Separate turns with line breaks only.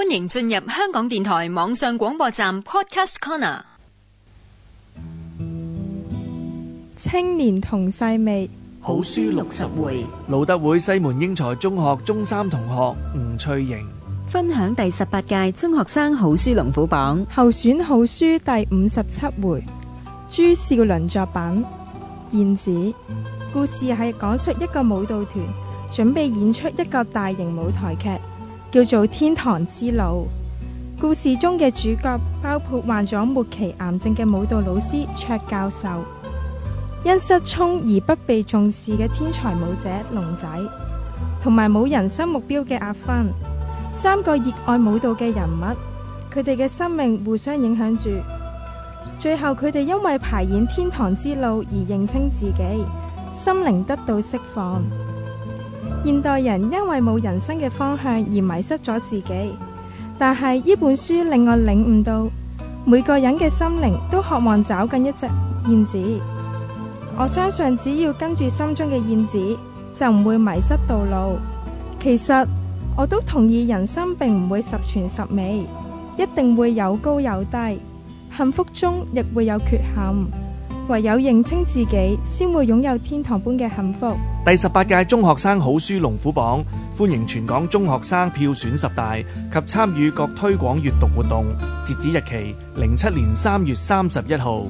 歡迎進入香港電台網上廣播站 Podcast Corner。
青年同細味好書六十回，
路德會西門英才中學中三同學吳翠盈
分享第十八屆中學生好書龍虎榜候選好書第五十七回朱少麟作品《燕子》，故事係講出一
個舞蹈團準備演出一個大型舞台劇。叫做《天堂之路》，故事中嘅主角包括患咗末期癌症嘅舞蹈老師卓教授，因失聰而不被重視嘅天才舞者龍仔，同埋冇人生目標嘅阿芬，三個熱愛舞蹈嘅人物，佢哋嘅生命互相影響住，最後佢哋因為排演《天堂之路》而認清自己，心靈得到釋放。現代人因為冇人生嘅方向而迷失咗自己，但係呢本書令我領悟到，每個人嘅心靈都渴望找緊一隻燕子。我相信只要跟住心中嘅燕子，就唔會迷失道路。其實我都同意，人生並唔會十全十美，一定會有高有低，幸福中亦會有缺陷。唯有認清自己，先會擁有天堂般嘅幸福。
第十八屆中學生好書龍虎榜，歡迎全港中學生票選十大及參與各推廣閱讀活動。截止日期：零七年三月三十一號。